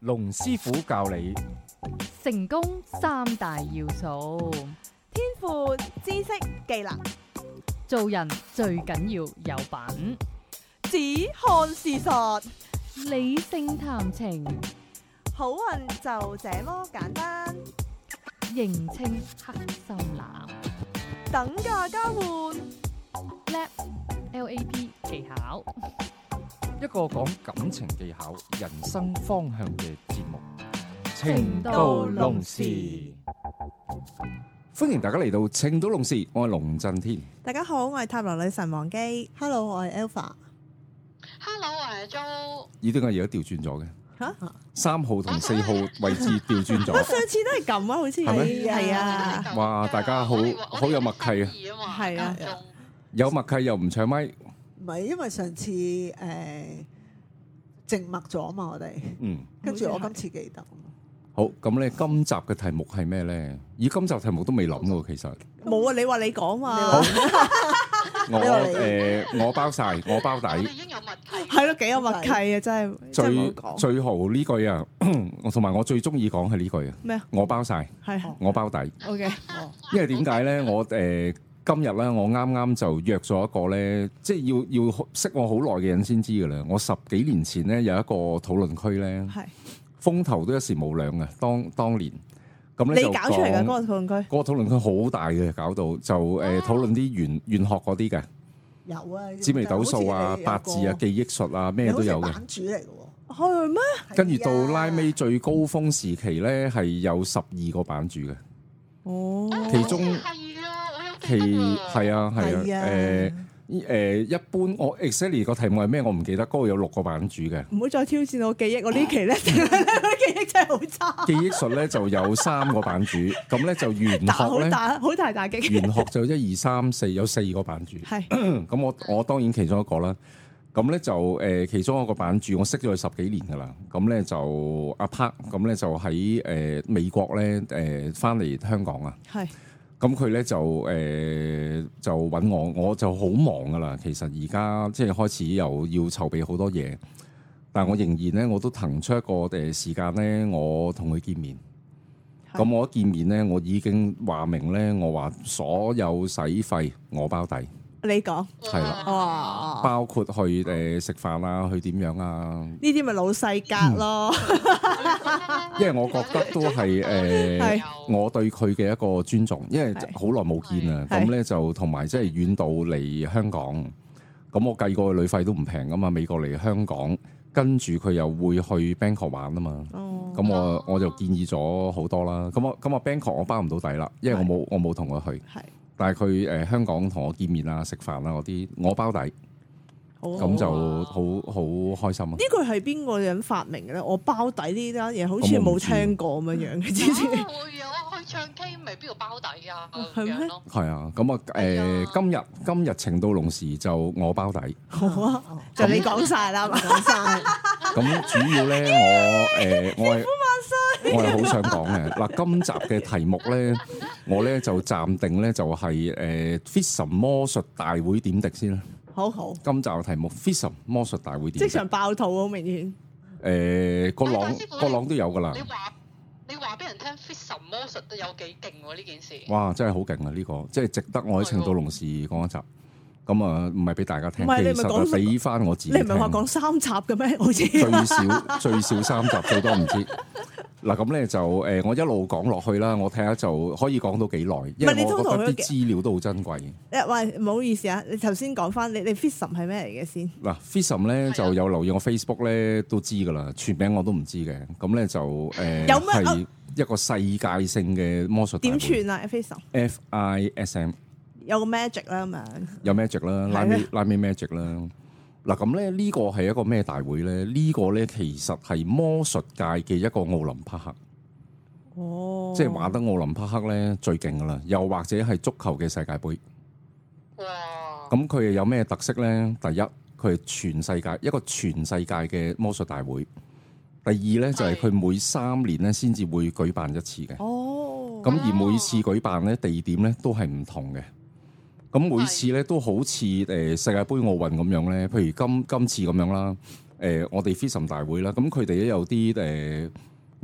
龍師傅教你成功三大要素：天賦、知識、技能。做人最緊要有品，只看事實，理性談情。好運就這麼簡單，認清黑心男，等價交換，叻 LAP 技巧。一個講感情技巧、人生方向嘅節目《情到濃時》，歡迎大家嚟到《情到濃時》，我係龍振天。大家好，我係塔羅女神王姬。Hello，我係 Alpha。Hello，我係 Joe。咦？點解而家調轉咗嘅？吓！三號同四號位置調轉咗。我上次都係咁啊，好似係咪？係啊！哇！大家好好有默契啊！係啊，有默契又唔搶麥。唔係，因為上次誒靜默咗啊嘛，我哋嗯，跟住我今次記得。好，咁咧，今集嘅題目係咩咧？而今集題目都未諗喎，其實冇啊！你話你講嘛？我誒，我包晒，我包底。已經有默契，係咯，幾有默契啊！真係最最好呢句啊，同埋我最中意講係呢句啊。咩啊？我包晒，係我包底。O K，因為點解咧？我誒。今日咧，我啱啱就約咗一個咧，即係要要識我好耐嘅人先知嘅啦。我十幾年前咧有一個討論區咧，是風頭都一時無兩嘅。當當年咁咧，你，就你搞出嚟嘅嗰個討論區，嗰個討論區好大嘅，搞到就誒、啊、討論啲玄玄學嗰啲嘅，有啊，紫微斗數啊、八字啊、記憶術啊，咩都有嘅版主嚟嘅喎，係咩嗎？跟住到拉尾最高峰時期咧，係有十二個版主嘅， 哦，其中。係係啊係啊，誒誒、啊啊呃，一般我 exactly 個題目係咩？我唔記得。嗰度有六個版主嘅。唔好再挑戰我記憶，我呢期咧，啲 記憶真係好差。記憶術咧就有三個版主，咁咧 就玄學咧，好大好大，玄學就一二三四有四個版主，係是。咁 我我當然其中一個啦。咁咧就誒、呃，其中一個版主，我識咗佢十幾年噶啦。咁咧就阿 Pat，咁咧就喺誒美國咧，誒翻嚟香港啊，係。咁佢咧就誒、呃、就搵我，我就好忙㗎喇。其實而家即係開始又要籌備好多嘢，但係我仍然咧，我都騰出一個誒時間咧，我同佢見面。咁的我一見面咧，我已經話明咧，我話所有使費我包底。你講係啦，的哇包括去誒食飯啊，去點樣啊？呢啲咪老細格咯， 因為我覺得都係誒，我對佢嘅一個尊重，因為好耐冇見啦。咁咧的就同埋即係遠道嚟香港，咁我計過旅費都唔平噶嘛。美國嚟香港，跟住佢又會去 Bangkok 玩啊嘛。咁我、嗯、我就建議咗好多啦。咁我咁我 Bangkok 我包唔到底啦，因為我冇我冇同佢去。的的但係佢誒香港同我見面啊、食飯啊嗰啲，我包底。咁就好好開心啊！呢個係邊個人發明嘅咧？我包底呢單嘢好似冇聽過咁樣樣。之前我去唱 K 咪邊度包底啊？係咩？係啊！咁啊，誒，今日今日請到龍時就我包底。好啊，就你講晒啦，講晒。咁主要咧，我誒，我係我係好想講嘅。嗱，今集嘅題目咧，我咧就暫定咧就係誒，FISM 魔術大會點滴先啦。好好，好，今集嘅題目 FISM 魔術大會點？即場爆肚，好明顯。誒、欸，郭朗郭朗都有噶啦。你話你話俾人聽，FISM 魔術都有幾勁喎，啊？呢件事。哇，真係好勁啊！呢，這個即係值得我喺情到濃時講一集。咁啊，唔係俾大家聽，其實俾翻我自己。你唔係話講三集嘅咩？好似最少最少三集，最多唔知。嗱咁咧就誒，我一路講落去啦，我睇下就可以講到幾耐。唔係，我覺得啲資料都好珍貴嘅。喂，唔好意思啊，你頭先講翻你你 FISM 係咩嚟嘅先？嗱，FISM 咧就有留意我 Facebook 咧都知噶啦，全名我都唔知嘅。咁咧就誒，係一個世界性嘅魔術點串啊？FISM。有個 magic 啦咁樣，有 magic 啦美嗎，拉美 magic 拉 magic 啦。嗱咁咧，呢個係一個咩大會咧？這個、呢個咧其實係魔術界嘅一個奧林匹克，哦，即係玩得奧林匹克咧最勁㗎喇。又或者係足球嘅世界盃，啊哇，咁佢有咩特色咧？第一，佢係全世界一個全世界嘅魔術大會。第二咧是就係佢每三年咧先至會舉辦一次嘅，哦，咁而每次舉辦咧地點咧都係唔同嘅。咁每次咧都好似誒世界盃、奧運咁樣咧。譬如今今次咁樣啦，誒、呃、我哋 FISM 大會啦，咁佢哋都有啲誒、呃、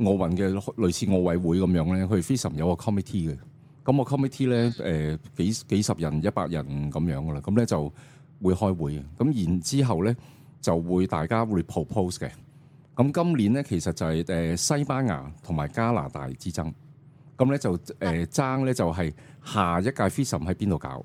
奧運嘅類似奧委會咁樣咧。佢 FISM 有個 committee 嘅，咁、那個 committee 咧誒、呃、幾幾十人、一百人咁樣噶啦。咁咧就會開會嘅。咁然之後咧就會大家會 propose 嘅。咁今年咧其實就係誒西班牙同埋加拿大之爭。咁咧就誒、呃、爭咧就係下一屆 FISM 喺邊度搞。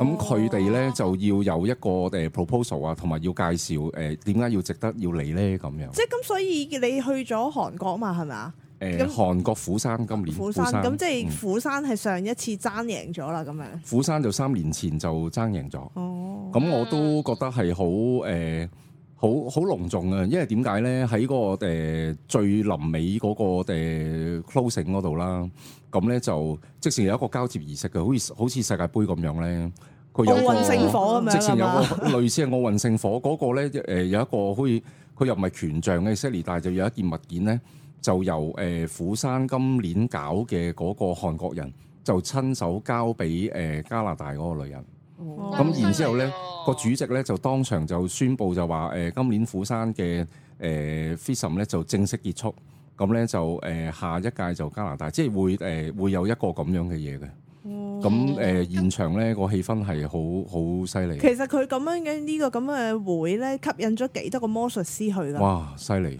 咁佢哋咧就要有一個誒 proposal 啊，同埋要介紹誒點解要值得要嚟咧咁樣。即係咁，所以你去咗韓國嘛係咪啊？誒，韓國釜山今年釜山咁，釜山，嗯，即係釜山係上一次爭贏咗啦咁樣。釜山就三年前就爭贏咗。哦，咁我都覺得係好誒。呃好好隆重啊！因為點解咧？喺、嗰個誒、呃、最臨尾嗰、嗰個 closing 嗰度啦，咁、呃、咧就即時有一個交接儀式嘅，好似好似世界杯咁樣咧。佢奧運聖火咁樣即有嘛，類似係奧運聖火嗰 個咧誒有一個好似佢又唔係權杖嘅 Sally 但係就有一件物件咧，就由誒、呃、釜山今年搞嘅嗰個韓國人就親手交俾誒、呃、加拿大嗰個女人。咁、哦、然之後咧，個、哦、主席咧就當場就宣布就話：誒、呃，今年釜山嘅誒 FISM 咧就正式結束。咁咧就誒下一屆就加拿大，即係會誒、呃、會有一個咁樣嘅嘢嘅。咁、啊、誒現場咧個氣氛係好好犀利。其實佢咁樣嘅、這個、呢個咁嘅會咧，吸引咗幾多個魔術師去㗎？哇！犀利！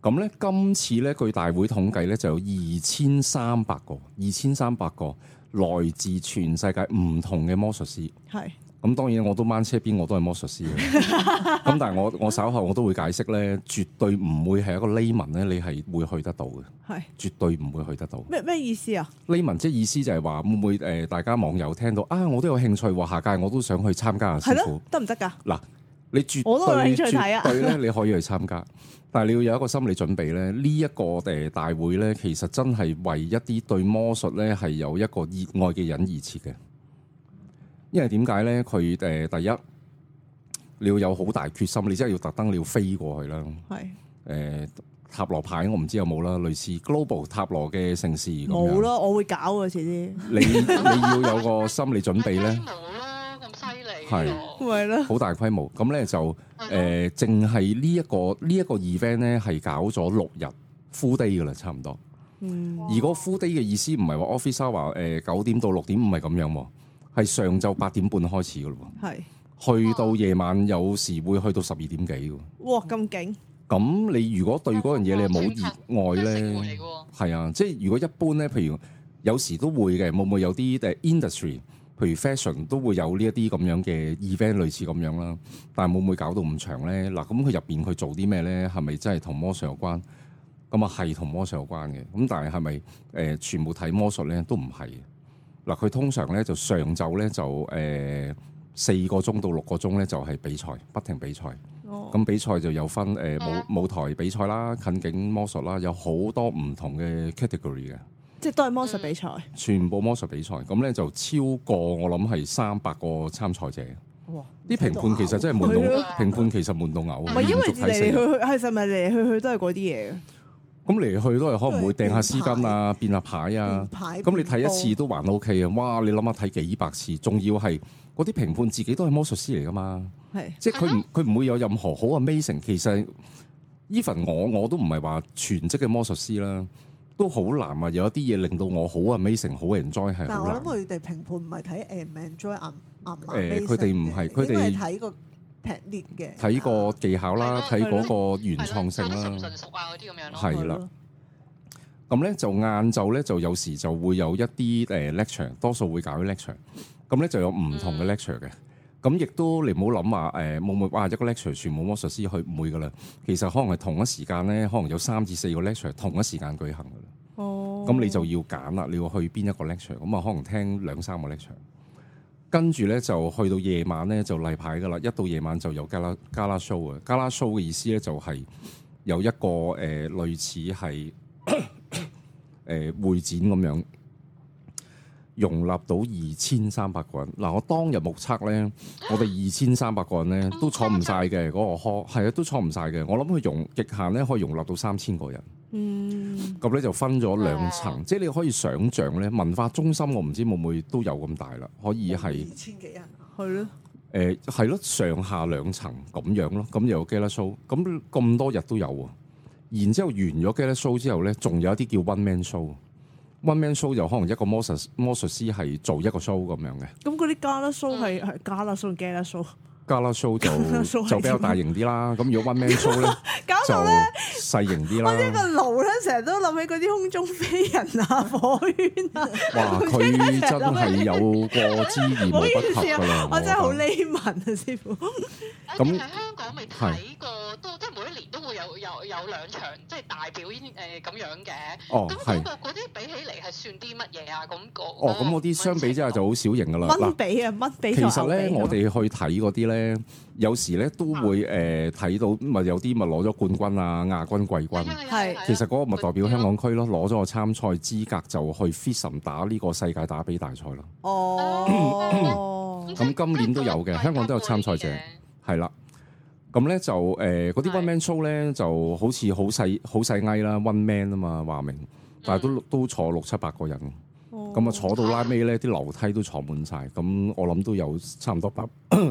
咁咧，今次咧據大會統計咧，就有二千三百個，二千三百個。來自全世界唔同嘅魔術師，係咁是，當然我都掹車邊我都係魔術師嘅，咁 但係我我稍後我都會解釋咧，絕對唔會係一個 layman 咧，你係會去得到嘅，係是絕對唔會去得到。咩咩意思啊？layman 即係意思就係話會唔會誒、呃，大家網友聽到啊，我都有興趣，話下屆我都想去參加下、啊啊、師傅得唔得噶？嗱，你絕對我都有興趣絕對咧，啊、你可以去參加。但係你要有一個心理準備咧，呢、這、一個誒大會咧，其實真係為一啲對魔術咧係有一個熱愛嘅人而設嘅。因為點解咧？佢誒第一，你要有好大決心，你真係要特登你要飛過去啦。係誒是、呃、塔羅牌，我唔知有冇啦，類似 Global 塔羅嘅城市咁樣。冇咯，我會搞嘅，遲啲你。你 你要有個心理準備咧。咁犀利，係、哦是，好大規模。咁咧就誒，淨係呢一個呢一、呢個 event 咧，係搞咗六日 full day 嘅啦，差唔多。嗯，而個 full day 嘅意思唔係話 office hour 誒、呃、九點到六點五係咁樣喎，係上晝八點半開始嘅咯喎，是去到夜晚有時會去到十二點幾喎。哇，咁勁！咁你如果對嗰樣嘢你係冇熱愛咧，係啊，即係如果一般咧，譬如有時都會嘅，會唔會有啲誒 industry？譬如 fashion 都會有呢一啲咁樣嘅 event 類似咁樣啦，但係會唔會搞到咁長咧？嗱，咁佢入邊佢做啲咩咧？係咪真係同魔術有關？咁啊係同魔術有關嘅，咁但係係咪誒全部睇魔術咧都唔係？嗱、呃，佢通常咧就上晝咧就誒四、呃、個鐘到六個鐘咧就係、是、比賽，不停比賽。哦。咁比賽就有分誒、呃、舞舞台比賽啦、近景魔術啦，有好多唔同嘅 category 嘅。即係都係魔術比賽，全部魔術比賽，咁咧就超過我諗係三百個參賽者。啲評判其實真係悶到，評判其實悶到嘔。唔係因為嚟嚟去去，係咪嚟嚟去去都係嗰啲嘢。咁嚟去都係可唔會掟下絲巾啊，變下牌啊，牌。咁你睇一次都還 OK 啊！哇！你諗下睇幾百次，仲要係嗰啲評判自己都係魔術師嚟噶嘛？係，即係佢唔佢唔會有任何好嘅 m a 其實 even 我我都唔係話全職嘅魔術師啦。都好難啊！有一啲嘢令到我 amazing、嗯、好啊，make 成好人 joy 係好難。但我諗佢哋評判唔係睇誒 enjoy 暗暗佢哋唔係，佢哋都係睇個劈裂嘅。睇個技巧啦，睇嗰、啊、個原創性啦。啲咁樣咯。係啦。咁咧了了就晏晝咧就有時就會有一啲誒 lecture，多數會搞啲 lecture。咁咧、嗯、就有唔同嘅 lecture 嘅。咁亦都你唔好諗話誒冇冇哇一個 lecture 全部魔術師去唔會噶啦，其實可能係同一時間咧，可能有三至四個 lecture 同一時間舉行噶啦。哦，咁你就要揀啦，你要去邊一個 lecture？咁啊，可能聽兩三個 lecture，跟住咧就去到夜晚咧就例牌噶啦，一到夜晚就有 Gala Gala show 啊！Gala show 嘅意思咧就係有一個誒、呃、類似係誒、 呃、會展咁樣。容納到二千三百個人嗱、啊，我當日目測咧，我哋二千三百個人咧 都坐唔晒嘅嗰個 hall 係啊都坐唔晒嘅。我諗佢容極限咧可以容納到三千個人。嗯，咁咧就分咗兩層，的即係你可以想像咧文化中心，我唔知會唔會都有咁大啦，可以係二千幾人係咯。誒係咯，上下兩層咁樣咯，咁又有 gala show，咁咁多日都有喎。然之後完咗 gala show 之後咧，仲有一啲叫 one man show。One man show 又可能一個魔術魔術師係做一個 show 咁樣嘅。咁嗰啲加勒 show 係係加勒 show、加勒 show。加勒 show 就就比較大型啲啦。咁如果 one man show 咧，就細型啲啦。我一個腦咧成日都諗起嗰啲空中飛人啊、火圈啊。哇！佢真係有過之而無不及㗎啦。我真係好呢文啊，師傅。咁喺香港未睇過有有兩場即係大表演誒咁樣嘅，咁嗰嗰啲比起嚟係算啲乜嘢啊？咁、嗰個、哦，咁嗰啲相比之下就好小型噶啦。蚊比啊，蚊比。其實咧，我哋去睇嗰啲咧，有時咧都會誒睇、啊呃、到，咪有啲咪攞咗冠軍啊、亞軍、季軍。係，其實嗰個咪代表香港區咯，攞咗個參賽資格就去 FISM 打呢個世界打比大賽咯。哦，咁今年都有嘅，香港都有參賽者，係啦。咁咧就誒嗰啲 one man show 咧是就好似好細好細、矮啦，one man 啊嘛話明，嗯、但係都都坐六七百個人，咁啊、哦、坐到拉尾咧啲樓梯都坐滿晒。咁我諗都有差唔多八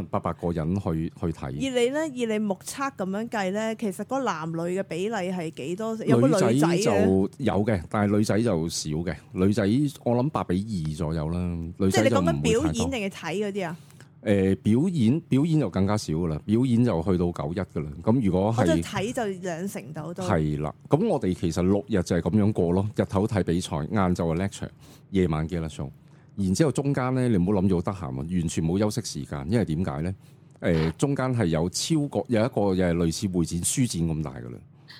八百個人去去睇。以你咧以你目測咁樣計咧，其實個男女嘅比例係幾多，多？有冇女仔就有嘅，但係女仔就少嘅，女仔我諗八比二左右啦。即係你講緊表演定係睇嗰啲啊？誒、呃、表演表演就更加少噶啦，表演就去到九一噶啦。咁如果係，我睇就兩成到都係啦，咁 我哋其實六日就係咁樣過咯。日頭睇比賽，晏晝啊 lecture，夜晚嘅 show 然之後中間咧，你唔好諗住好得閒喎，完全冇休息時間，因為點解咧？誒、呃、中間係有超過有一個又係類似會展書展咁大噶啦，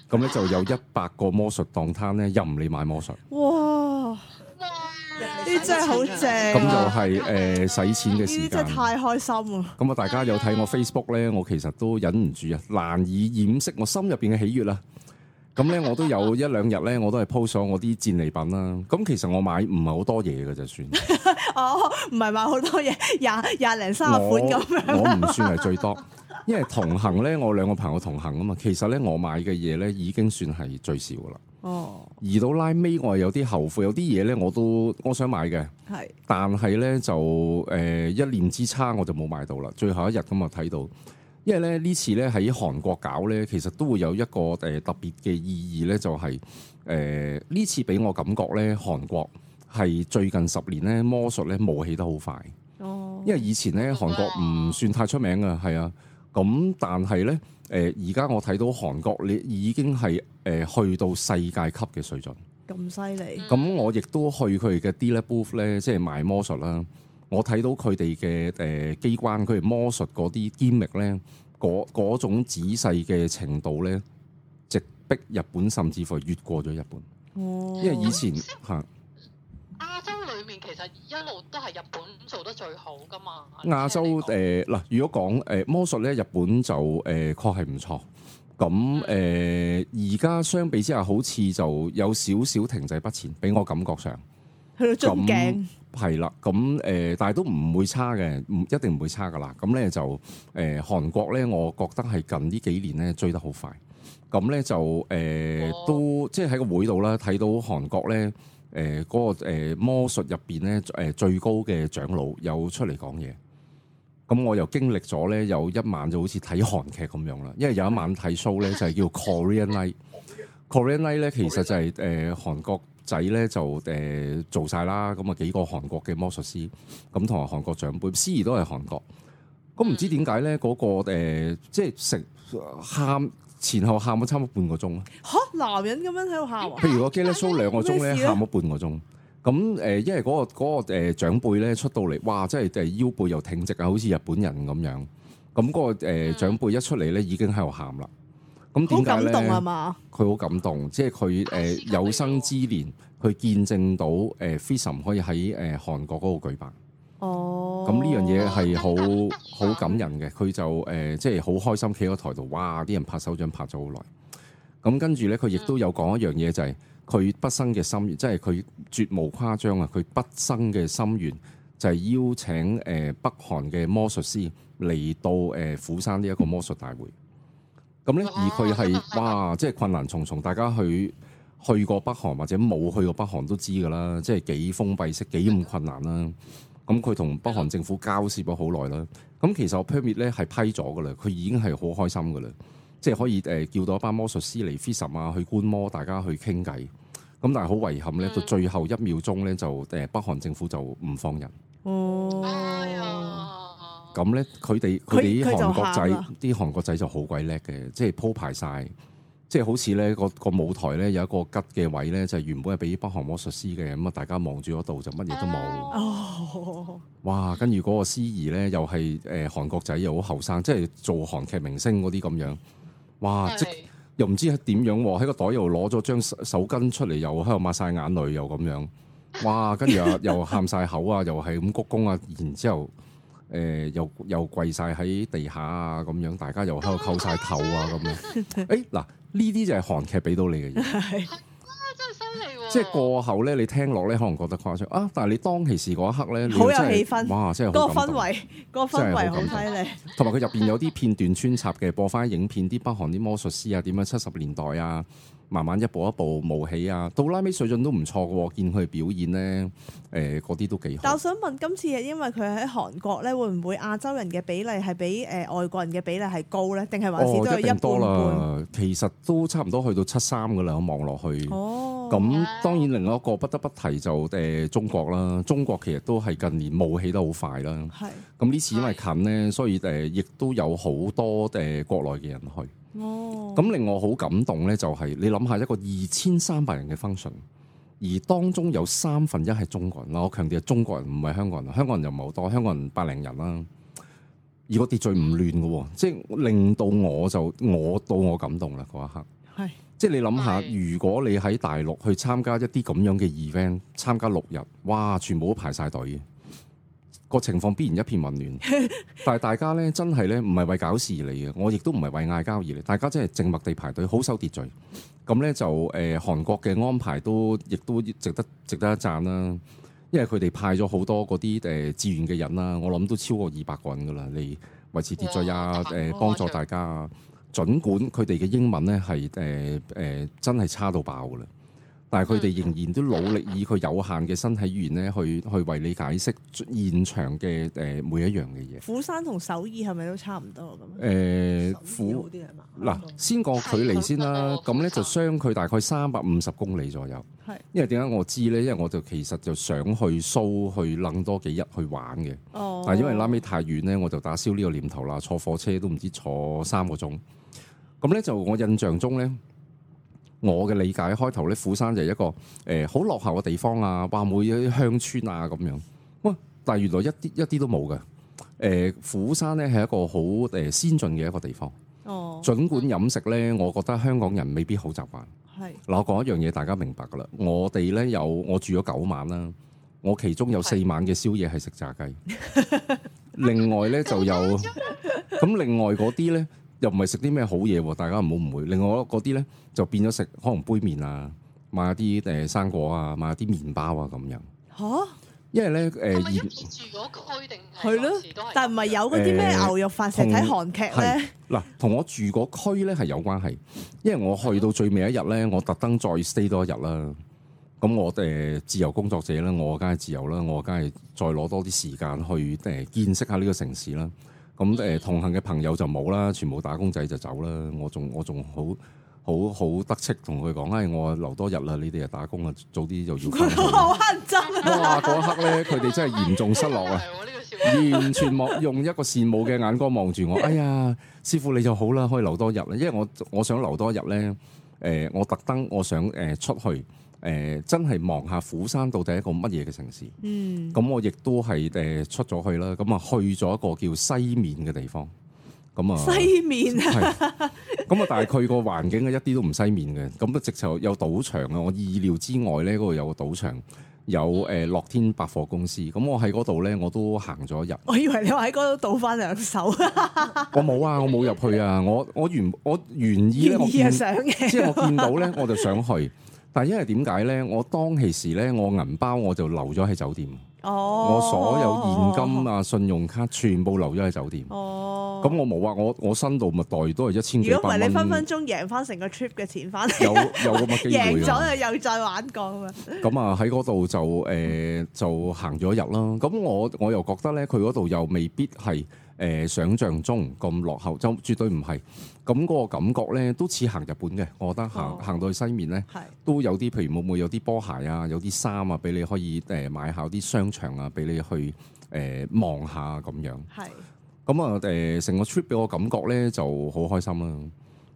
咁咧就有一百個魔術檔攤咧任你買魔術。哇呢啲真係好正，咁就係誒使錢嘅時間，真係太開心啊！咁啊，大家有睇我 Facebook 咧，我其實都忍唔住啊，難以掩飾我心入邊嘅喜悅啦。咁咧，我都有一兩日咧，我都係 post 上我啲戰利品啦。咁其實我買唔係好多嘢嘅就算， 哦，唔係買好多嘢，廿廿零三十款咁樣。我唔算係最多，因為同行咧，我兩個朋友同行啊嘛。其實咧，我買嘅嘢咧，已經算係最少啦。哦，移到拉尾我係有啲後悔，有啲嘢咧我都我想買嘅，係是，但係咧就誒、呃、一念之差我就冇買到啦。最後一日咁啊睇到，因為咧呢次咧喺韓國搞咧，其實都會有一個誒、呃、特別嘅意義咧，就係誒呢次俾我感覺咧，韓國係最近十年咧魔術咧冒起得好快。哦，因為以前咧韓國唔算太出名啊，係啊，咁但係咧。誒而家我睇到韓國你已經係誒、呃、去到世界級嘅水準，咁犀利。咁、嗯、我亦都去佢嘅 dealer booth 咧，即係賣魔術啦。我睇到佢哋嘅誒機關，佢哋魔術嗰啲 gimmick 咧，嗰種仔細嘅程度咧，直逼日本，甚至乎越過咗日本。哦、因為以前嚇。 其實一路都係日本做得最好噶嘛。亞洲誒嗱、呃，如果講誒、呃、魔術咧，日本就誒、呃、確係唔錯。咁誒而家相比之下，好似就有少少停滯不前，俾我感覺上。去到進境係啦。咁誒那鏡、嗯呃，但係都唔會差嘅，唔一定唔會差噶啦。咁咧就誒、呃、韓國咧，我覺得係近呢幾年咧追得好快。咁咧就誒、呃哦、都即係喺個會度啦，睇到韓國咧。誒嗰、呃那個、呃、魔術入邊咧誒最高嘅長老有出嚟講嘢，咁我又經歷咗咧，有一晚就好似睇韓劇咁樣啦，因為有一晚睇 show 咧就係叫 Korean Night，Korean Night 咧 Night 其實就係、是、誒、呃、韓國仔咧就誒、呃、做晒啦，咁啊幾個韓國嘅魔術師，咁同埋韓國長輩，司儀都係韓國，咁唔知點解咧嗰個、呃、即係食喊。前後喊咗差唔多半個鐘咯。嚇！男人咁樣喺度喊，譬如我記得 show 兩個鐘咧，喊咗半個鐘。咁誒、呃，因為嗰、那個嗰、那個誒、那個、長輩咧出到嚟，哇！真係誒腰背又挺直啊，好似日本人咁樣。咁、那個誒、呃嗯、長輩一出嚟咧，已經喺度喊啦。咁點解咧？佢好感動，感動啊、即係佢誒有生之年，佢、啊、見證到誒 FISM、呃、可以喺誒韓國嗰度舉辦。哦、啊。咁呢、嗯、樣嘢係好好感人嘅，佢就誒即係好開心，企喺台度，哇！啲人拍手掌拍咗好耐。咁跟住呢，佢亦都有講一樣嘢，就係、是、佢畢生嘅心願，即係佢絕無誇張啊！佢畢生嘅心願就係邀請誒、呃、北韓嘅魔術師嚟到誒釜、呃、山呢一個魔術大會。咁呢，而佢係 哇，即、就、係、是、困難重重。大家去去過北韓或者冇去過北韓都知㗎啦，即係幾封閉式、幾咁困難啦、啊。咁佢同北韓政府交涉咗好耐啦，咁其實我 permit 咧係批咗嘅啦，佢已經係好開心嘅啦，即係可以誒叫到一班魔術師嚟 FISM 啊，去觀摩大家去傾偈，咁但係好遺憾咧，到最後一秒鐘咧就誒北韓政府就唔放人，哦、嗯，係啊、嗯，咁咧佢哋佢哋啲韓國仔啲韓國仔就好鬼叻嘅，即係鋪排晒。即係好似咧個個舞台咧有一個吉嘅位咧，就是、原本係俾北韓魔術師嘅，咁啊大家望住嗰度就乜嘢都冇。哇！跟住嗰個司儀咧又係誒、呃、韓國仔又好後生，即係做韓劇明星嗰啲咁樣。哇！的即又唔知係點樣喎？喺個袋又攞咗張手巾出嚟，又喺度抹晒眼淚，又咁樣。哇！跟住又 又喊晒口啊，又係咁鞠躬啊，然之後誒又又跪晒喺地下啊，咁樣大家又喺度叩晒頭啊，咁樣。誒嗱～呢啲就係韓劇俾到你嘅嘢，係真係犀利喎！即係過後咧，你聽落咧，可能覺得誇張啊！但係你當其時嗰一刻咧，好有氣氛，哇！真係好，個氛圍，個氛圍好犀利咧。同埋佢入邊有啲片段穿插嘅，播翻影片，啲 北韓啲魔術師啊，點樣七十年代啊。慢慢一步一步冒起啊，到拉尾水準都唔錯嘅喎，見佢表演咧，誒、呃、嗰啲都幾好。但我想問，今次係因為佢喺韓國咧，會唔會亞洲人嘅比例係比誒、呃、外國人嘅比例係高咧？定係還是都係一、哦、一多啦？半其實都差唔多去到七三嘅啦，我望落去。哦，咁當然另外一個不得不提就誒、呃、中國啦，中國其實都係近年冒起得好快啦。係是。咁呢次因為近咧，是所以誒亦都有好多誒國內嘅人去。哦，咁令我好感動咧，就係、是、你諗下一個二千三百人嘅 function，而當中有三分一係中國人啦。我強調係中國人唔係香港人，香港人又唔係好多，香港人百零人啦、啊。而果秩序唔亂嘅，即係令到我就我到我感動啦。嗰一刻係是即係你諗下，是如果你喺大陸去參加一啲咁樣嘅 event，參加六日，哇，全部都排晒隊嘅。個情況必然一片混亂，但係大家咧真係咧唔係為搞事而嚟嘅，我亦都唔係為嗌交而嚟。大家真係靜默地排隊，好守秩序。咁咧就誒、呃、韓國嘅安排都亦都值得值得一讚啦，因為佢哋派咗好多嗰啲誒志願嘅人啦，我諗都超過二百個人噶啦，嚟維持秩序啊誒、呃、幫助大家啊，儘管佢哋嘅英文咧係誒誒真係差到爆啦。但係佢哋仍然都努力，以佢有限嘅身體語言咧，去去為你解釋現場嘅誒每一樣嘅嘢。釜山同首爾係咪都差唔多咁樣？誒，釜嗱、呃呃、先講距離先啦，咁咧就相距大概三百五十公里左右。係的，因為點解我知咧？因為我就其實就想去蘇去楞多幾日去玩嘅。哦，但係因為拉尾太遠咧，我就打消呢個念頭啦。坐火車都唔知坐三個鐘。咁咧就我印象中咧。我嘅理解，開頭咧，釜山就係一個誒好、呃、落後嘅地方啊，話每一鄉村啊咁樣，哇！但係原來一啲一啲都冇㗎，誒、呃、釜山咧係一個好誒、呃、先進嘅一個地方。哦，儘管飲食咧，我覺得香港人未必好習慣。係是，嗱我講一樣嘢，大家明白㗎啦。我哋咧有我住咗九晚啦，我其中有四晚嘅宵夜係食炸雞，是另外咧就有咁， 另外嗰啲咧。又唔係食啲咩好嘢，大家唔好誤會。另外嗰啲咧就變咗食可能杯麪啊，買啲誒生果啊，買啲麵包啊咁樣。嚇、啊！因為咧誒，係咪住嗰區定係？咯，但係唔係有嗰啲咩牛肉飯？石睇、欸、韓劇咧。嗱，同我住嗰區咧係有關係，因為我去到最尾一日咧，我特登再 stay 多一日啦。咁我哋自由工作者咧，我梗係自由啦，我梗係再攞多啲時間去誒見識下呢個城市啦。咁誒同行嘅朋友就冇啦，全部打工仔就走啦。我仲我仲好好好得戚，同佢講，唉，我留多日啦，你哋又打工啊，早啲就要 哇，嗰一刻咧，佢哋 真係嚴重失落啊！ 完全莫用一個羨慕嘅眼光望住我。哎呀，師傅你就好啦，可以留多日啦，因為我我想留多日咧。誒、呃，我特登我想誒、呃、出去。誒，真係望下釜山到底一個乜嘢嘅城市？嗯，咁我亦都係誒出咗去啦，咁啊去咗一個叫西面嘅地方，咁啊西面啊，咁啊、嗯、 但係佢個環境一啲都唔西面嘅，咁啊直頭有賭場啊，我意料之外咧，嗰度有個賭場，有誒樂天百貨公司，咁我喺嗰度咧，我都行咗入。我以為你話喺嗰度賭翻兩手， 我冇啊，我冇入去啊，我我原我原意咧，意想我見即係我見到咧， 我就想去。但係因為點解咧？我當其時咧，我銀包我就留咗喺酒店。哦，我所有現金啊、哦、信用卡全部留咗喺酒店。哦，咁我冇啊！我我身度咪袋都係一千幾百。如果唔係，你分分鐘贏翻成個 trip 嘅錢翻嚟。有有咁嘅機會贏咗又又再玩過啊！咁啊喺嗰度就誒、呃、就行咗一日啦。咁我我又覺得咧，佢嗰度又未必係誒、呃、想像中咁落後，就絕對唔係。咁嗰個感覺咧，都似行日本嘅。我覺得行、哦、行到去西面咧，是都有啲譬如會唔會有啲波鞋啊，有啲衫啊，俾你可以誒買下啲商場啊，俾你去誒望下咁樣。係咁啊誒，成、呃、個 trip 俾我感覺咧就好開心啦、啊。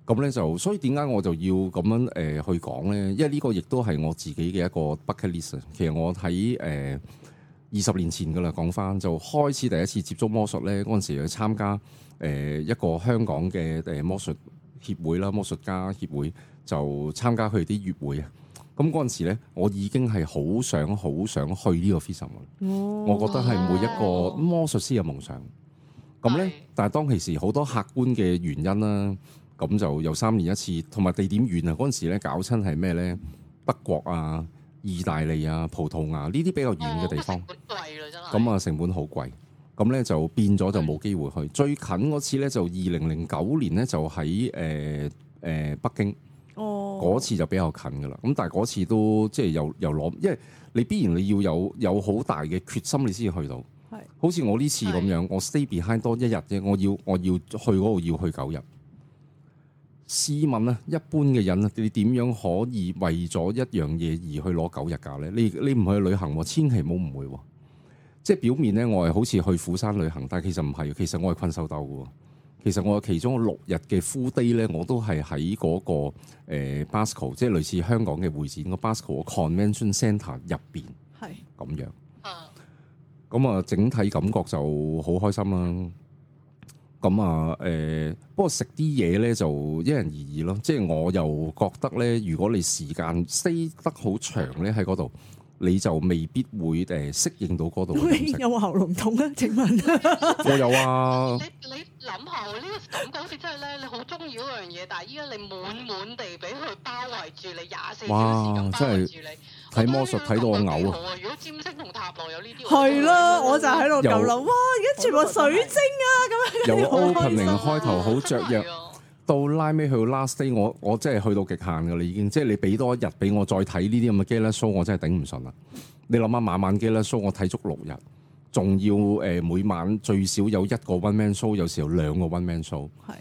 咁咧就所以點解我就要咁樣誒、呃、去講咧？因為呢個亦都係我自己嘅一個 bucket list。其實我喺誒二十年前噶啦，講翻就開始第一次接觸魔術咧，嗰陣時去參加。誒一個香港嘅誒魔術協會啦，魔術家協會就參加佢啲月會啊。咁嗰陣時咧，我已經係好想好想去呢個 FISM。哦，我覺得係每一個魔術師嘅夢想。咁咧、哦，是但係當其時好多客觀嘅原因啦，咁就有三年一次，同埋地點遠啊。嗰陣時咧搞親係咩咧？德國啊、意大利啊、葡萄牙呢啲比較遠嘅地方，貴啦真係。咁啊，成本好貴。咁咧就變咗就冇機會去。嗯、最近嗰次咧就二零零九年咧就喺誒誒北京。哦，嗰次就比較近噶啦。咁但係嗰次都即係又又攞，因為你必然你要有有好大嘅決心，你先至去到。是好似我呢次咁樣，是我 stay behind 多一日啫。我要我要去嗰度要去九日。試問咧，一般嘅人咧、啊，你點樣可以為咗一樣嘢而去攞九日假咧？你你唔去旅行、啊，千祈唔好誤會喎。即係表面咧，我係好似去釜山旅行，但係其實唔係。其實我係困獸鬥嘅。其實我其中六日嘅 full day 咧，我都係喺嗰個、呃、Basco，即係類似香港嘅會展個 Basco Convention Centre 入邊，係咁樣是。嚇、嗯！咁啊，整體感覺就好開心啦。咁啊，誒、呃，不過食啲嘢咧就因人而異咯。即係我又覺得咧，如果你時間 stay 得好長咧，喺嗰度。你就未必會誒適應到嗰度。有，有喉嚨痛啊？請問？我、 哦、有啊。你你諗下，呢個感覺好似真係咧，你好中意嗰樣嘢，但係依家你滿滿地俾佢包圍住你廿四小時。哇！真係睇魔術睇到我嘔啊！如果占星同塔羅有呢啲，係啦、啊，我就喺度流流哇，而家全部水晶啊咁樣，好 開心。由 Opening 開頭好雀躍。到拉尾去到 last day，我我真係去到極限㗎啦，已經即係你俾多一日俾我再睇呢啲咁嘅 gala show，我真係頂唔順啦。你諗下晚晚 gala show，我睇足六日，仲要誒、呃、每晚最少有一個 one man show，有時候有兩個 one man show，係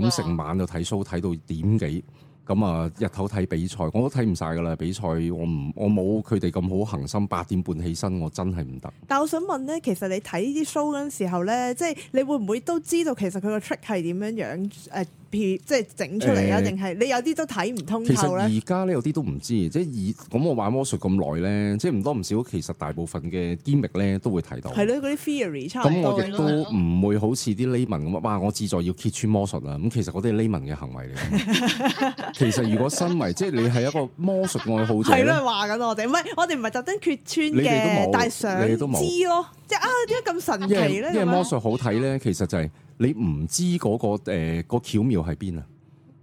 咁成晚就睇 show 睇到點幾，咁、嗯、啊日頭睇比賽我都睇唔晒㗎啦。比賽我唔我冇佢哋咁好恆心，八點半起身我真係唔得。但我想問咧，其實你睇啲 show 嗰陣時候咧，即係你會唔會都知道其實佢個 trick 係點樣樣誒？即係整出嚟啊！定係、欸、你有啲都睇唔通。其實而家咧有啲都唔知，即係以咁我玩魔術咁耐咧，即係唔多唔少，其實大部分嘅 game 咧都會睇到。係咯、嗯，嗰啲 theory 差唔多。咁我亦都唔會好似啲 layman 咁，哇！我自在要揭穿魔術啊！咁其實嗰啲係 layman 嘅行為嚟。 其實如果身為即係你係一個魔術愛好者，係咯話緊我哋唔係，我哋唔係特登揭穿嘅，但係想知咯，即係啊點解咁神奇咧，因為魔術好睇咧，其實就係、是。你唔知嗰、嗰個誒、呃嗰個、巧妙喺邊啊，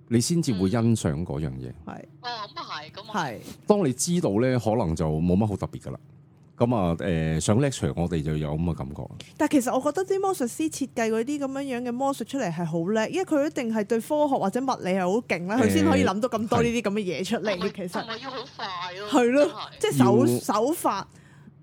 你先至會欣賞嗰樣嘢。係、嗯，哦咁啊咁啊係。當你知道咧，可能就冇乜好特別噶啦。咁啊誒上 lecture 我哋就有咁嘅感覺。但係其實我覺得啲魔術師設計嗰啲咁樣樣嘅魔術出嚟係好叻，因為佢一定係對科學或者物理係好勁啦，佢先可以諗到咁多呢啲咁嘅嘢出嚟。欸、其實係咪要好快咯、啊？即係手手法。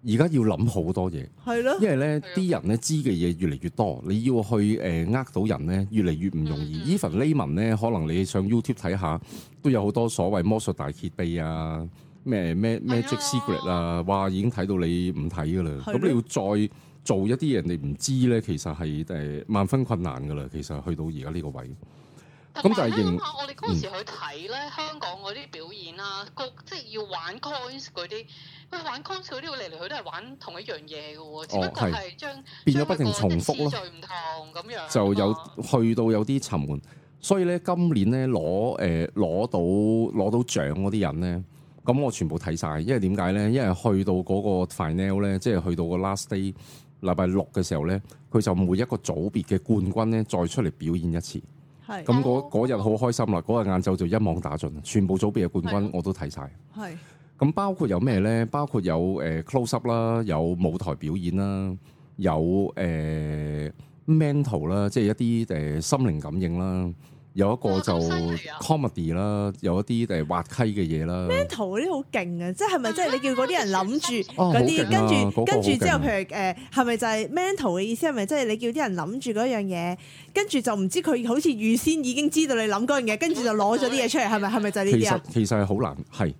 而家要諗好多嘢，係咯的，因為咧啲的人咧知嘅嘢越嚟越多，你要去誒呃到人咧越嚟越唔容易。Even 的呢文咧，可能你上 YouTube 睇下，都有好多所謂魔術大揭秘啊，咩咩 magic secret 啊，哇！已經睇到你唔睇噶啦，咁的你要再做一啲人哋唔知咧，其實係誒萬分困難噶啦，其實去到而家呢個位。咁就係先。你諗下，我哋嗰陣時去睇咧，香港嗰啲表演啦、啊，個、嗯、即係要玩 coins 嗰啲，佢玩 coins 嗰啲，嚟嚟去都係玩同一樣嘢嘅喎，哦、只不過係將變咗不停重複咯。那個、次序唔同咁樣。就有、嗯、去到有啲沉悶，所以咧今年咧攞誒攞到攞到獎嗰啲人咧，咁我全部睇晒。因為點解咧？因為去到嗰個 final 咧，即係去到個 last day，禮拜六嘅時候咧，佢就每一個組別嘅冠軍咧，再出嚟表演一次。咁嗰日好開心啦！嗰日晏晝就一網打盡，全部組別嘅冠軍我都睇晒。係咁是，包括有咩咧？包括有誒 close up 啦，有舞台表演啦，有誒 mental 啦，即係一啲誒心靈感應啦。有一個就 comedy 啦，有一啲誒滑稽嘅嘢啦。mental 嗰啲好勁啊！即係咪即係你叫嗰啲人諗住嗰啲，跟住著跟住之後，譬如誒，係咪就係 mental 嘅意思係咪即係你叫啲人諗住嗰樣嘢，跟住就唔知佢好似預先已經知道你諗嗰樣嘢，跟住就攞咗啲嘢出嚟，係咪係咪就係呢啲啊？其實其實係好難，係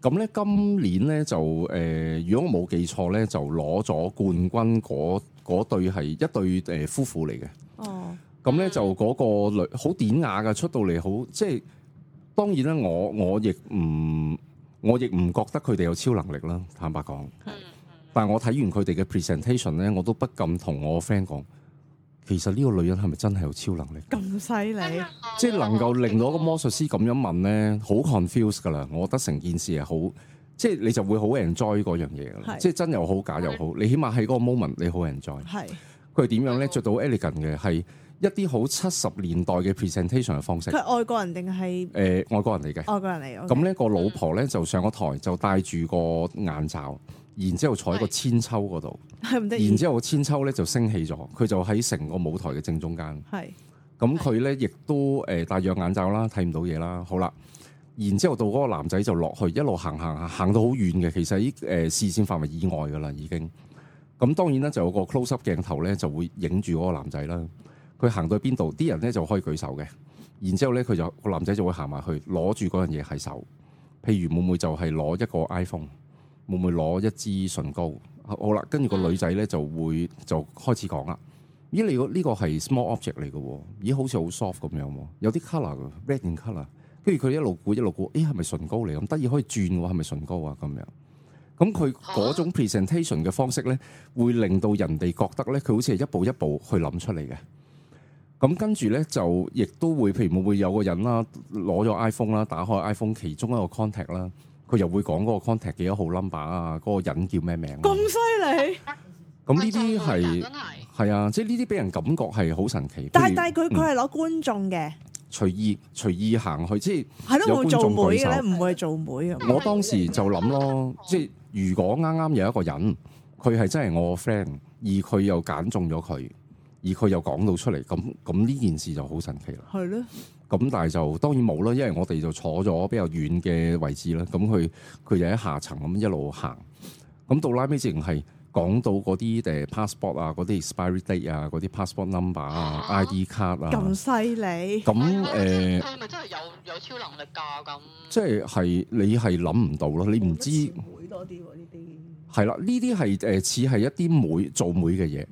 咁咧。今年咧就誒、呃，如果我冇記錯咧，就攞咗冠軍嗰嗰對係一對誒、呃、夫婦嚟嘅。哦。咁咧就嗰個女好典雅嘅出到嚟，好即係當然啦，我我亦唔我亦唔覺得佢哋有超能力啦。坦白講，的但係我睇完佢哋嘅 presentation 咧，我都不禁同我 friend 講，其實呢個女人係咪真係有超能力咁犀利？即係能夠令到個魔術師咁樣問咧，好 confused 噶啦。我覺得成件事係好，即係你就會的好 enjoy 嗰樣嘢噶啦。即係真又好假又好，你起碼喺嗰個 moment 你好 enjoy。係佢點樣咧？着到 elegant 嘅係。一啲好七十年代嘅 presentation 嘅方式，佢外國人定係誒外國人嚟嘅？外國人嚟嘅。咁呢、okay. 個老婆咧就上咗台，就戴住個眼罩，然之後坐喺個千秋嗰度，係唔得是 意然之後個千秋咧就升起咗，佢就喺成個舞台嘅正中間。係咁是，佢咧亦都誒戴住眼罩啦，睇唔到嘢啦。好啦，然之後到嗰個男仔就落去，一路行行行到好遠嘅，其實喺誒、呃、視線範圍以外㗎啦，已經咁、嗯。當然啦，就有個 close up 鏡頭咧就會影住嗰個男仔啦。佢行到去邊度，啲人咧就可以舉手嘅。然之後咧，佢就個男仔就會行埋去攞住嗰樣嘢喺手。譬如妹妹就係攞一個 iPhone？妹妹攞一支唇膏？好啦，跟住個女仔咧就會就開始講啦。咦？你呢、這個係 small object 嚟嘅喎？咦，好似好 soft 咁樣喎。有啲 colour，red in colour。跟住佢一路估，一路估，咦、哎，係咪唇膏嚟咁得意？可以轉喎，係咪唇膏啊？咁樣咁佢嗰種 presentation 嘅方式咧，會令到人哋覺得咧，佢好似係一步一步去諗出嚟嘅。咁跟住咧，就亦都會，譬如會唔會有個人啦，攞咗 iPhone 啦，打開 iPhone 其中一個 contact 啦，佢又會講嗰個 contact 幾多號 number 啊，嗰、嗰個人叫咩名？咁犀利！咁呢啲係係啊，即係呢啲俾人感覺係好神奇。但但係佢佢係攞觀眾嘅，隨、嗯、隨意隨意行去，即係有觀眾舉手，唔會係做媒嘅。我當時就諗咯， 即係如果啱啱有一個人，佢係真係我 friend，而佢又揀中咗佢。而佢又講到出嚟，咁咁呢件事就好神奇啦。係咯，咁但係就當然冇啦，因為我哋就坐咗比較遠嘅位置啦。咁佢佢就喺下層咁一路行，咁到拉尾之前係講到嗰啲誒 passport 啊，嗰啲 expiry date 啊，嗰啲 passport number 啊，啊，ID card 啊。咁犀利！咁誒，係咪真係有有超能力㗎？咁即係係你係諗唔到咯，你唔知會多啲呢啲。係啦，呢啲係誒似係一啲妹做妹嘅嘢，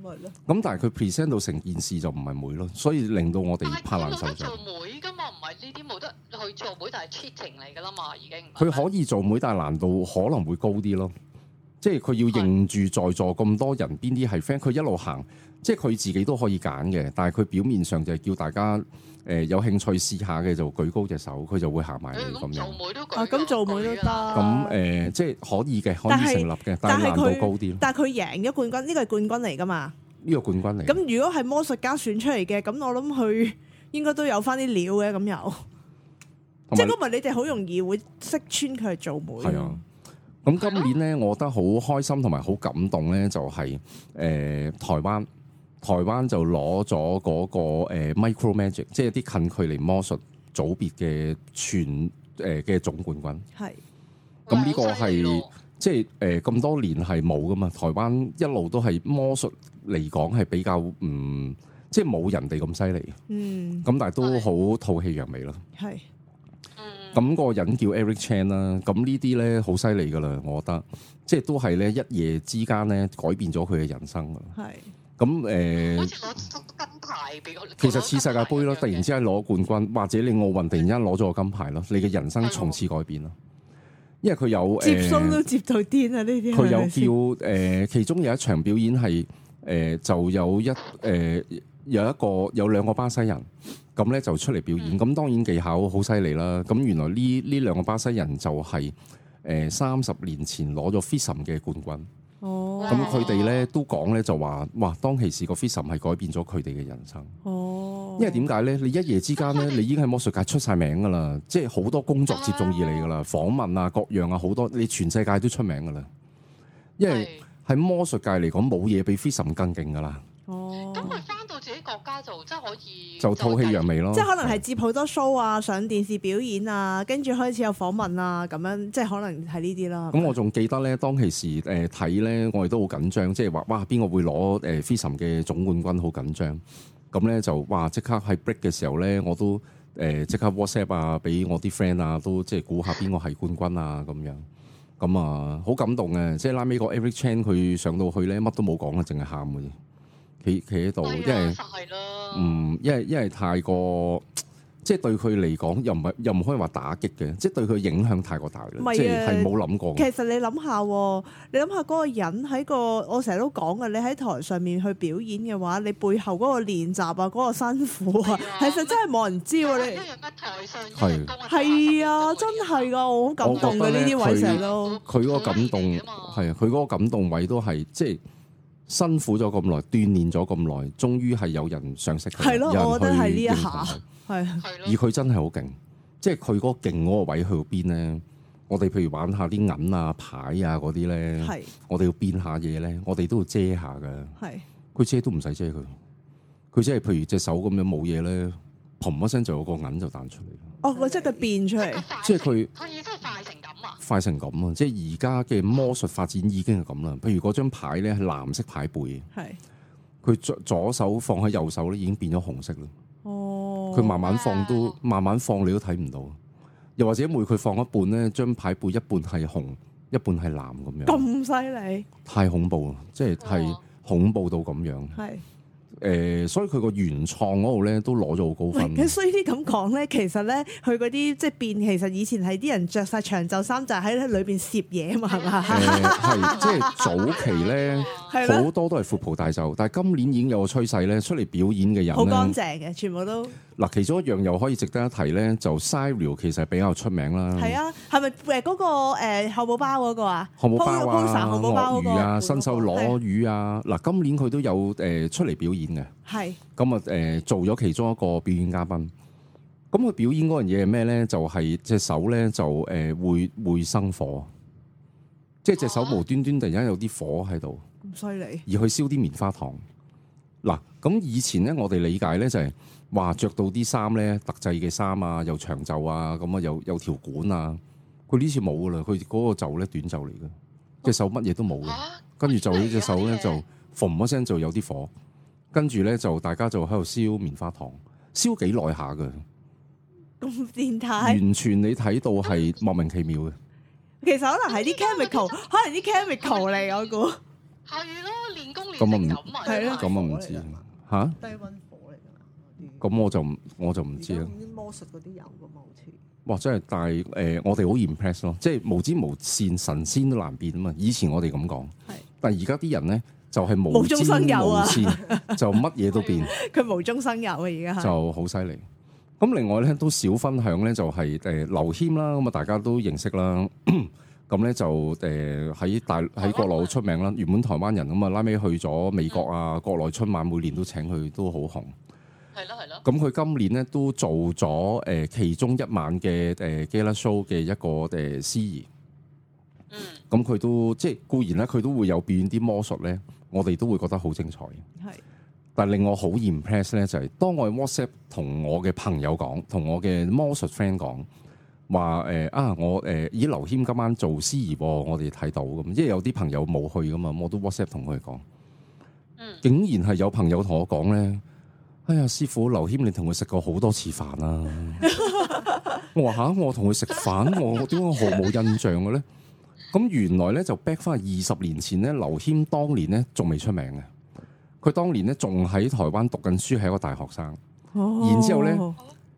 咁但係佢 present 到成件事就唔係妹咯，所以令到我哋拍爛手掌。做妹㗎嘛，唔係呢啲冇得去做妹，但係 cheating 嚟㗎啦嘛，已經。佢可以做妹，但係難度可能會高啲咯，即係佢要認住在座咁多人邊啲係 friend，佢一路行。即係佢自己都可以揀嘅，但係佢表面上就係叫大家誒、呃、有興趣試下嘅，就舉高隻手，佢就會行埋嚟咁樣。啊，嗯、做媒都得。咁誒、啊呃，即係可以嘅，可以成立嘅，但係是難度高啲。但係佢贏咗冠軍，呢、這個係冠軍嚟㗎嘛？呢個冠軍嚟。咁如果係魔術家選出嚟嘅，咁我諗佢應該都有翻啲料嘅，咁又。有即係都唔係你哋好容易會識穿佢係做媒。係啊。咁今年咧，我覺得好開心同埋好感動咧、就是，就係誒台灣。台灣就攞咗嗰個 Micro Magic，即係啲近距離魔術組別嘅全誒嘅、呃、總冠軍。係是，咁呢個係即係誒咁多年係冇噶嘛。台灣一路都係魔術嚟講係比較嗯，即係冇人哋咁犀利。嗯，咁但係都好吐氣揚眉咯。係是，咁個人叫 Eric Chan 啦。咁呢啲咧好犀利噶啦，我覺得。即係都係咧一夜之間咧改變咗佢嘅人生。係。咁誒，好似攞金牌俾其實似世界盃咯，突然之間攞冠軍，或者你奧運突然之間攞咗個金牌咯，你嘅人生從此改變咯。因為佢有接收都接到癲啊！呢啲佢有叫誒、呃，其中有一場表演係誒、呃、就有一誒、呃、有一個有兩個巴西人，咁咧就出嚟表演。咁、嗯、當然技巧好犀利啦。咁原來呢呢兩個巴西人就係誒三十年前攞咗 FISM 嘅冠軍。哦，咁佢哋咧都講咧就話，哇！當其時個 FISM 係改變咗佢哋嘅人生。哦，因為點解咧？你一夜之間咧， 你已經喺魔術界出晒名噶啦，即係好多工作接踵以嚟噶啦，訪問啊、各樣啊好多，你全世界都出名噶啦。因為喺魔術界嚟講，冇嘢比 FISM 更勁噶啦。哦。就即係可以，就吐氣揚眉咯。即係可能係接好多 show 啊，上電視表演啊，跟住開始有訪問啊，咁樣即係可能係呢啲啦。咁我仲記得咧，當其時誒睇咧，我哋都好緊張，即係話哇，邊個會攞誒 FISM、um、嘅總冠軍，好緊張。咁、嗯、咧就哇即刻喺 break 嘅時候咧，我都誒即、呃、刻 WhatsApp 啊，俾我啲 friend 啊，都即係估下邊個係冠軍啊咁樣。咁啊好感動啊。即係拉美國 Eric Chan 佢上到去咧，乜都冇講啊，淨係喊嘅啫。企企喺度，即係嗯，因為因為太過即係對佢嚟講又唔係又唔可以話打擊嘅，即係對佢影響太過大啦，啊、即係冇諗過。其實你諗下，你諗下嗰個人喺個我成日都講嘅，你喺台上面去表演嘅話，你背後嗰個練習啊，嗰、嗰個辛苦啊，啊其實真係冇人知喎、啊。你即係台上面係係啊，你啊真係噶、啊，我好感動嘅、啊、呢啲位都佢嗰個感動係啊，佢嗰個感動位都係即係。辛苦咗咁耐，鍛鍊咗咁耐，終於係有人賞識佢，係咯，我覺得係呢一下，係，而佢真係好勁，即係佢嗰個勁嗰個位去到邊咧？我哋譬如玩下啲銀啊、牌啊嗰啲咧，我哋要變下嘢咧，我哋都要遮下噶。佢遮都唔使遮佢，佢即係譬如隻手咁樣冇嘢咧，嘭一聲就有個銀就彈出嚟。哦，即係佢變出嚟，即係佢。快成咁啊！即係而家嘅魔術發展已經係咁啦。譬如嗰張牌咧係藍色牌背，佢左是左手放喺右手咧已經變咗紅色啦。哦，佢慢慢放都、啊、慢慢放你都睇唔到。又或者每佢放一半咧，張牌背一半係紅，一半係藍咁樣。咁犀利！太恐怖啦！即係係恐怖到咁樣。係、哦。誒、呃，所以佢個原創嗰度咧都攞咗好高分。咁所以啲咁講咧，其實咧，佢嗰啲即係變，其實以前係啲人着晒長袖衫就喺咧裏邊攝嘢啊嘛，係咪啊？誒，係即係早期咧，好 多都係闊袍大袖，但係今年已經有個趨勢咧，出嚟表演嘅人好乾淨嘅，全部都。嗱，其中一樣又可以值得一提咧，就 Cyril 其實比較出名啦。係啊，係咪誒嗰個誒候、呃、包嗰個啊？漢堡包啊，包魚啊，伸手攞魚啊！嗱、啊，啊啊、今年佢都有誒、呃、出嚟表演嘅。係是。咁啊誒，做咗其中一個表演嘉賓。咁佢表演嗰樣嘢係咩咧？就係、是、隻手咧就誒會會生火，即係隻手無端端突然間有啲火喺度。咁犀利！而去燒啲棉花糖。嗱。咁以前咧，我哋理解咧就係話着到啲衫咧，特製嘅衫啊，又長袖啊，咁啊，又有條管啊。佢呢次冇噶啦，佢嗰個袖咧短袖嚟嘅，隻手乜嘢都冇嘅。跟住就呢隻手咧就嘣一聲就有啲火，跟住咧就大家就喺度燒棉花糖，燒幾耐下噶。咁變態！完全你睇到係莫名其妙嘅。其實可能係啲 chemical，麼可能啲 chemical 嚟，我估。係咯，練功練咁係咯，咁了我唔知吓低溫火嚟噶，咁我就我就唔知啦。魔術嗰啲有咁好似哇，真係但係誒，我哋好 impress 咯，即係無知無善，神仙都難變啊嘛。以前我哋咁講，是但係而家啲人咧就係、是、無招以前就乜嘢都變。佢無中生有啊，而家就好犀利。咁、 啊啊、另外咧都少分享咧，就係誒劉謙啦，咁啊大家都認識啦。 咁咧、嗯、就誒喺、呃、大喺國內出名啦。灣原本台灣人咁啊，拉尾去咗美國啊。嗯、國內春晚每年都請佢，都好紅。係咯，係咯。咁佢、嗯、今年咧都做咗誒、呃、其中一晚嘅誒、呃、Gala Show 嘅一個誒司儀。呃、嗯。咁佢、嗯、都即係固然咧，佢都會有變啲魔術咧，我哋都會覺得好精彩嘅。的但係令我好 impress 咧，就係、是、當我 WhatsApp 同我嘅朋友講，同我嘅魔術 friend 講。話誒、欸、啊，我誒以劉謙今晚做司儀，哦，我哋睇到咁，即係有啲朋友冇去咁啊，我都 WhatsApp 同佢講。嗯，竟然係有朋友同我講咧，哎呀，師傅劉謙，你同佢食過好多次飯啦、啊 啊。我話吓，我同佢食飯，我點解毫冇印象嘅咧？咁原來咧就 back 翻二十年前咧，劉謙當年咧仲未出名嘅，佢當年咧仲喺台灣讀緊書，係一個大學生。好好好。然之後咧。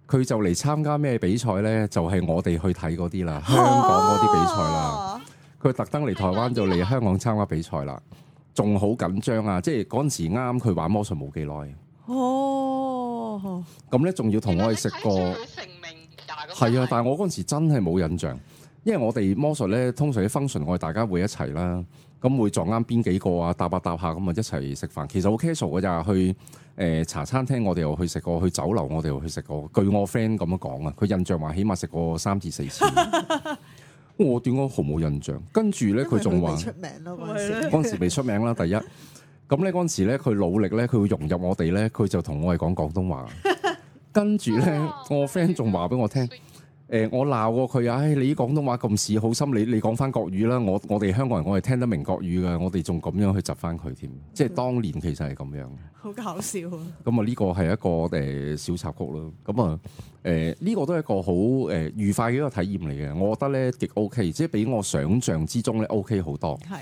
佢就嚟參加咩比賽呢？就係、是、我哋去睇嗰啲啦，香港嗰啲比賽啦。佢特登嚟台灣就嚟香港參加比賽啦，仲好緊張啊！即係嗰陣時啱啱佢玩魔術冇幾耐。哦、oh.，咁呢仲要同我哋食過。係、就是、啊，但係我嗰陣時真係冇印象，因為我哋魔術呢，通常喺 function 我哋大家會一齊啦。咁會撞啱邊幾個啊？搭下搭下咁啊，一齊食飯。其實好 casual 㗎咋，去誒茶餐廳我哋又去食過，去酒樓我哋又去食過。據我 friend 咁樣講啊，佢印象話起碼食過三至四次。 哦、我點解毫無印象？跟住咧，佢仲話出名咯嗰陣時。未出名啦， 第一。咁咧嗰陣時咧，佢努力咧，佢會融入我哋咧，佢就同我哋講廣東話。跟住咧， 我 friend 仲話俾我聽。誒、呃、我鬧過佢啊！誒你啲廣東話咁屎，好心理，你講翻國語啦！我我哋香港人，我係聽得明國語嘅，我哋仲咁樣去窒翻佢添，即係當年其實係咁樣。好搞笑啊！咁啊呢個係一個誒、呃、小插曲咯。咁啊誒呢個都係一個好誒愉快嘅一個體驗嚟嘅。我覺得咧極 OK，即係比我想像之中咧 OK 好多。係。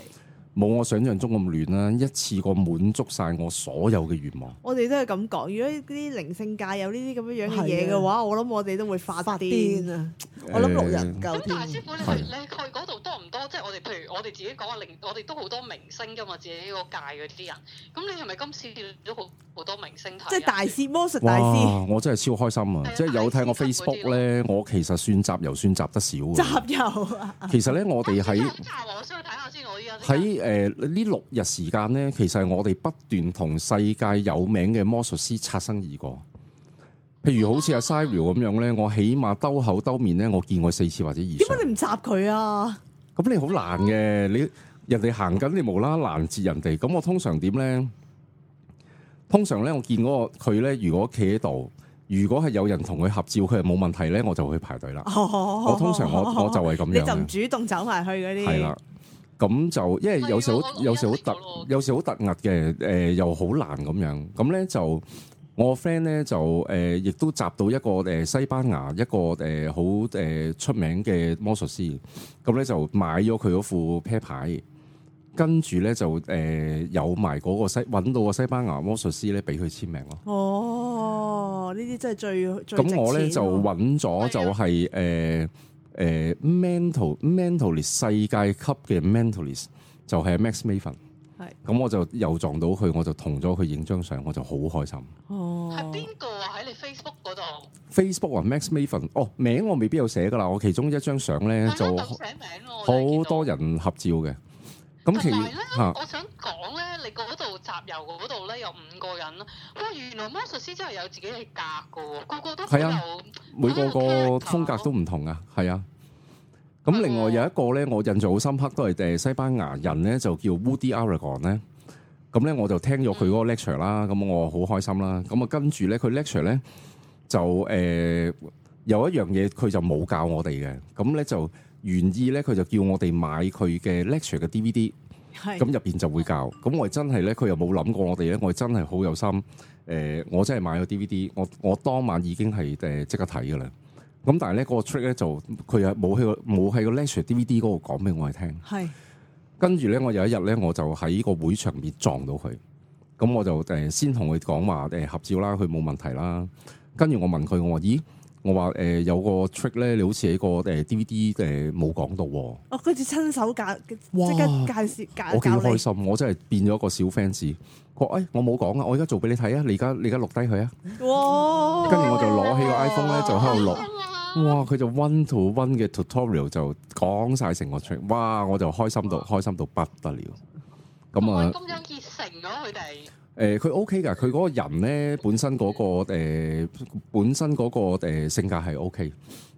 冇我想像中咁亂啦，一次過滿足晒我所有嘅願望。我哋都係咁講，如果啲靈性界有呢啲咁樣樣嘅嘢嘅話，的我諗我哋都會發癲啊！癲我諗六日夠。咁、嗯、大師傅你，你去嗰度多唔多？即係我哋譬如我哋自己講下我哋都好多明星㗎嘛，自己呢個界嗰啲人。咁你係咪今次都好好多明星睇？即係大師、魔術大師？哇！我真係超開心啊！嗯、即係有睇我 Facebook 咧、嗯，我其實算集又算集得少。集又啊！其實咧，我哋喺。我上去睇下先，我依家。係。誒、呢、呃、六日時間咧，其實係我哋不斷同世界有名嘅魔術師擦身而過。譬如好似阿 Sylvio 咁樣咧，我起碼兜口兜面咧，我見過四次或者二次。點解你唔閘佢啊？咁你好難嘅，你人哋行緊，你無啦啦攔截人哋。咁我通常點咧？通常咧，我見嗰個佢咧，如果企喺度，如果係有人同佢合照，佢係冇問題咧，我就會去排隊啦。哦哦哦哦，我通常我，哦哦哦哦，我就係咁樣，就唔主動走埋去嗰啲。咁就因為有時好的有時好突有時好突,突兀嘅，誒、呃、又好難咁樣。咁咧就我 friend 咧就誒，亦、呃、都集到一個誒西班牙一個誒好誒出名嘅魔術師。咁咧就買咗佢嗰副啤牌，跟住咧就誒、呃、有埋嗰、那個西揾到個西班牙魔術師咧，俾佢簽名咯。哦，呢啲真係最最咁我咧就揾咗就係、是、誒。誒、uh, mental, mentalist 世界級嘅 mentalist 就係 Max Maven，係是，咁我就又撞到佢，我就同咗佢影張相，我就好開心。啊、Ma 哦，係邊個啊？喺你 Facebook 嗰度？Facebook 啊，Max Maven，哦，名我未必有寫噶啦，我其中一張相咧是就好很多人合照嘅。同埋其實咧，我想講咧，你嗰度集遊嗰度咧有五個人，哇！原來魔術師真係有自己嘅格喎，個個都唔同。每個個風格都唔同啊，係啊。咁另外有一個咧，我印象好深刻，都係誒西班牙人咧，就叫 Woody Aragon 咧。咁咧我就聽咗佢嗰個 lecture 啦，咁我好開心啦。咁啊跟住咧，佢 lecture 咧就誒有一樣嘢，佢就冇教我哋嘅，咁咧就。願意咧，佢就叫我哋買佢嘅 lecture 嘅 DVD，咁入邊是就會教。咁我，我，我真係咧，佢又冇諗過我哋咧，我係真係好有心。誒、呃，我真係買咗 DVD，我我當晚已經係誒即刻睇㗎啦。咁但係咧，嗰個 trick 咧就佢又冇喺個冇喺個 lecture DVD 嗰度講俾我哋聽。係是。跟住咧，我有一日咧，我就喺個會場面撞到佢。咁我就誒、呃、先同佢講話誒合照啦，佢冇問題啦。跟住我問佢，我話咦？我話誒、呃、有個 trick 咧，你好似喺個誒 DVD 誒冇講到喎、喔。佢似次親手介哇教，即係介紹教。我幾開心，你我真係變咗個小 fans、哎。佢話誒我冇講哇啊，我而家做俾你睇啊，你而家你而家錄低佢啊。哇！跟住我就攞起個 iPhone 咧，就喺度錄。哇！佢就 one to one 嘅 tutorial 就講晒成個 trick。哇！我就開心到開心到不得了。咁、嗯、啊，咁樣結成咗佢哋。誒佢、呃、OK 㗎，佢嗰個人咧本身嗰、個、呃、本身嗰、個、呃、性格係 OK，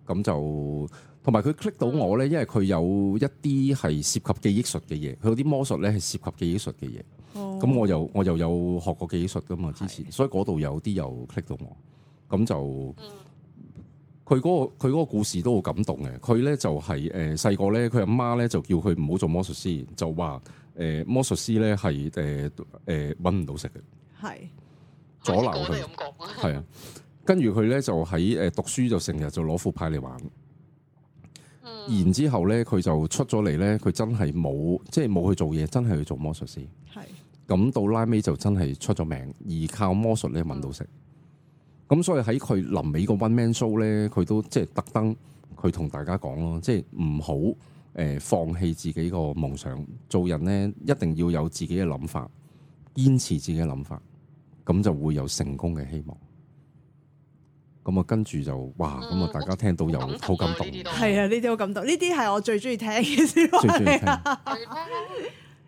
咁就同埋佢 click 到我咧，因為佢有一啲係涉及記憶術嘅嘢，佢啲魔術咧係涉及記憶術嘅嘢，咁、哦、我又我又有學過記憶術噶嘛之前，的所以嗰度有啲又 click 到我，咁就佢嗰、嗯、個佢嗰個故事都好感動嘅，佢咧就係誒細個咧，佢、呃、阿媽咧就叫佢唔好做魔術師，就話。誒、嗯、魔術師咧係誒誒揾唔到食嘅，係是阻撓佢，係 啊。跟住佢咧就喺誒讀書就就、嗯就，就成日就攞副牌嚟玩。然之後咧，佢就出咗嚟咧，佢真係冇，即係冇去做嘢，真係去做魔術師。係是。咁到拉尾就真係出咗名，而靠魔術咧揾到食。咁、嗯、所以喺佢臨尾個 One Man Show 咧，佢都即係特登佢同大家講咯，即係唔好。誒，放棄自己個夢想，做人咧一定要有自己嘅諗法，堅持自己嘅諗法，咁就會有成功嘅希望。咁啊，跟住就哇，咁啊，大家聽到又好感動。係啊，呢啲好感動，呢啲係我最中意聽嘅說話。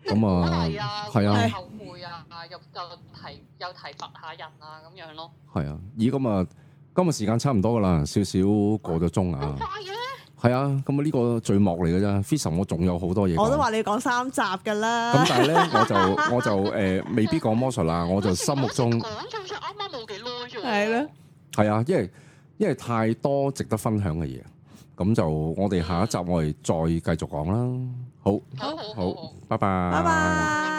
咁啊，係啊，係啊，後悔啊，又又提又提拔下人啊，咁樣咯。係啊，咦，咁啊，今日時間差唔多噶啦，少少過咗鐘啊。係啊，咁啊呢個序幕嚟噶啫。FISM，我仲有好多嘢。我，話我都話你講三集噶啦。咁但係咧， 我就我就誒，未必講魔術啦。我就心目中。講啱啱冇幾耐啫。係咧。係啊的，因為因為太多值得分享嘅嘢，咁就我哋下一集我哋再繼續講啦。好，好好，拜拜。拜拜拜拜。